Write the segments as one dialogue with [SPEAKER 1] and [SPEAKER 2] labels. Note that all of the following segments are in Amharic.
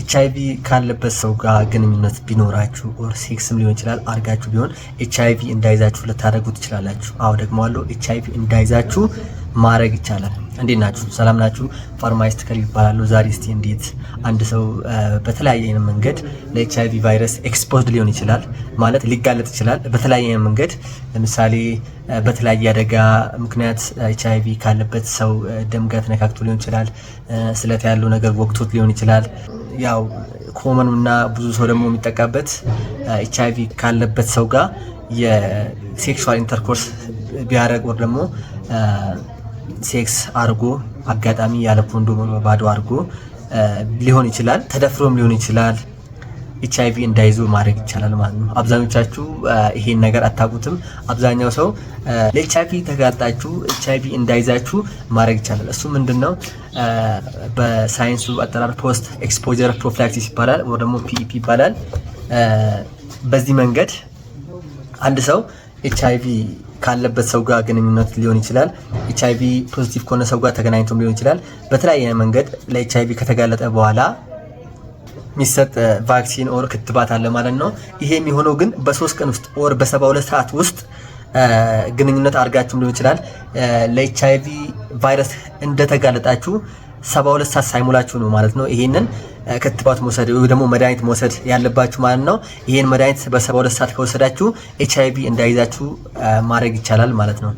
[SPEAKER 1] ኤች አይ ቪ ካለበት ሰው ጋር ግንኙነት ቢኖራችሁ ኦር ሴክስም ሊሆን ይችላል አድርጋችሁ ቢሆን ኤች አይ ቪ እንዳይዛችሁ ልታደርጉ ትችላላችሁ። አሁ ደግሞ አለው ኤች አይ ቪ እንዳይዛችሁ ማድረግ ይቻላል። እንዴት ናችሁ? ሰላም ናችሁ? ፋርማሲስት ከሪ ይባላሉ። ዛሬ እስቲ እንዴት አንድ ሰው በተለያየ መንገድ ለኤች አይቪ ቫይረስ ኤክስፖዝድ ሊሆን ይችላል ማለት ሊጋለጥ ይችላል በተለያየ መንገድ ለምሳሌ በተለያየ አደጋ ምክንያት ኤች ካለበት ሰው ደም ጋር ተነካክቶ ሊሆን ይችላል። ስለት ያለው ነገር ወቅቶት ሊሆን ይችላል። ያው ኮመኑ እና ብዙ ሰው ደግሞ የሚጠቃበት ኤች ካለበት ሰው ጋር የሴክሹዋል ኢንተርኮርስ ቢያደረግ ወር ደግሞ ሴክስ አርጎ አጋጣሚ ያለ ኮንዶም ባዶ አርጎ ሊሆን ይችላል። ተደፍሮም ሊሆን ይችላል። ኤች አይቪ እንዳይዞ ማድረግ ይቻላል ማለት ነው። አብዛኞቻችሁ ይሄን ነገር አታውቁትም። አብዛኛው ሰው ለኤች አይቪ ተጋልጣችሁ ኤች አይቪ እንዳይዛችሁ ማድረግ ይቻላል። እሱ ምንድን ነው? በሳይንሱ አጠራር ፖስት ኤክስፖጀር ፕሮፊላክሲስ ይባላል፣ ወይ ደግሞ ፒኢፒ ይባላል። በዚህ መንገድ አንድ ሰው ኤች አይ ቪ ካለበት ሰው ጋር ግንኙነት ሊሆን ይችላል። ኤች አይቪ ፖዚቲቭ ከሆነ ሰው ጋር ተገናኝቶም ሊሆን ይችላል። በተለያየ መንገድ ለኤች አይቪ ከተጋለጠ በኋላ የሚሰጥ ቫክሲን ኦር ክትባት አለ ማለት ነው። ይሄ የሚሆነው ግን በሶስት ቀን ውስጥ ኦር በሰባ ሁለት ሰዓት ውስጥ ግንኙነት አድርጋችሁም ሊሆን ይችላል። ለኤች አይቪ ቫይረስ እንደተጋለጣችሁ ሰባ ሁለት ሰዓት ሳይሞላችሁ ነው ማለት ነው። ይሄንን ክትባት መውሰድ ወይ ደግሞ መድኃኒት መውሰድ ያለባችሁ ማለት ነው። ይህን መድኃኒት በሰባ ሁለት ሰዓት ከወሰዳችሁ ኤች አይ ቪ እንዳይዛችሁ ማድረግ ይቻላል ማለት ነው።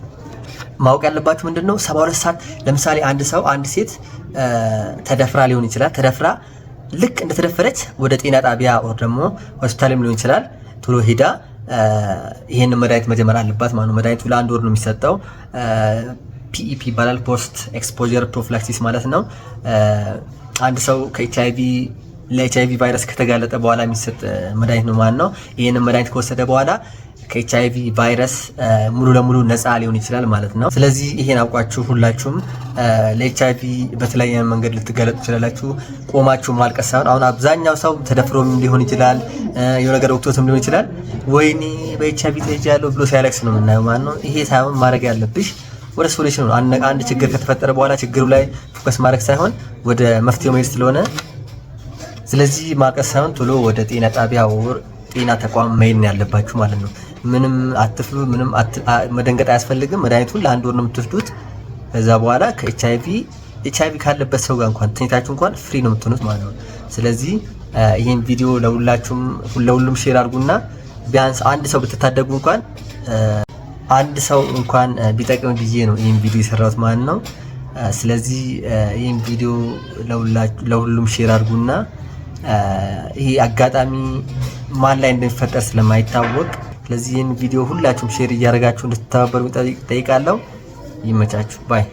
[SPEAKER 1] ማወቅ ያለባችሁ ምንድን ነው፣ ሰባ ሁለት ሰዓት ለምሳሌ አንድ ሰው አንድ ሴት ተደፍራ ሊሆን ይችላል። ተደፍራ ልክ እንደተደፈረች ወደ ጤና ጣቢያ ወር ደግሞ ሆስፒታልም ሊሆን ይችላል ቶሎ ሄዳ ይህን መድኃኒት መጀመር አለባት ማለት ነው። መድኃኒቱ ለአንድ ወር ነው የሚሰጠው። ፒኢፒ ይባላል ፖስት ኤክስፖዠር ፕሮፍላክሲስ ማለት ነው። አንድ ሰው ከኤችአይቪ አይቪ ቫይረስ ከተጋለጠ በኋላ የሚሰጥ መድኃኒት ነው ማለት ነው። ይህንን መድኃኒት ከወሰደ በኋላ ከኤች አይቪ ቫይረስ ሙሉ ለሙሉ ነፃ ሊሆን ይችላል ማለት ነው። ስለዚህ ይሄን አውቋችሁ ሁላችሁም ለኤች አይቪ በተለያየ መንገድ ልትገለጡ ይችላላችሁ። ቆማችሁ ማልቀስ ሳይሆን አሁን አብዛኛው ሰው ተደፍሮም ሊሆን ይችላል፣ የሆነ ነገር ወቅቶትም ሊሆን ይችላል። ወይኔ በኤች አይቪ ተይዣለሁ ብሎ ሲያለቅስ ነው የምናየው ማለት ነው። ይሄ ሳይሆን ማድረግ ያለብሽ ወደ ሶሉሽኑ አንድ ችግር ከተፈጠረ በኋላ ችግሩ ላይ ፎከስ ማድረግ ሳይሆን ወደ መፍትሄው መሄድ ስለሆነ ስለዚህ ማቀስ ሳይሆን ቶሎ ወደ ጤና ጣቢያ ወር ጤና ተቋም መሄድ ያለባችሁ ማለት ነው። ምንም አትፍሉ፣ ምንም መደንገጥ አያስፈልግም። መድኃኒቱን ለአንድ ወር ነው የምትወስዱት። ከዛ በኋላ ከኤች አይቪ ኤች አይቪ ካለበት ሰው ጋር እንኳን ትኔታችሁ እንኳን ፍሪ ነው የምትሆኑት ማለት ነው። ስለዚህ ይህን ቪዲዮ ለሁላችሁም ለሁሉም ሼር አድርጉና ቢያንስ አንድ ሰው ብትታደጉ እንኳን አንድ ሰው እንኳን ቢጠቅም ብዬ ነው ይህን ቪዲዮ የሰራሁት ማለት ነው። ስለዚህ ይህን ቪዲዮ ለሁሉም ሼር አድርጉና ይህ አጋጣሚ ማን ላይ እንደሚፈጠር ስለማይታወቅ ስለዚህ ይህን ቪዲዮ ሁላችሁም ሼር እያደረጋችሁ እንድትተባበሩ ጠይቃለሁ። ይመቻችሁ ባይ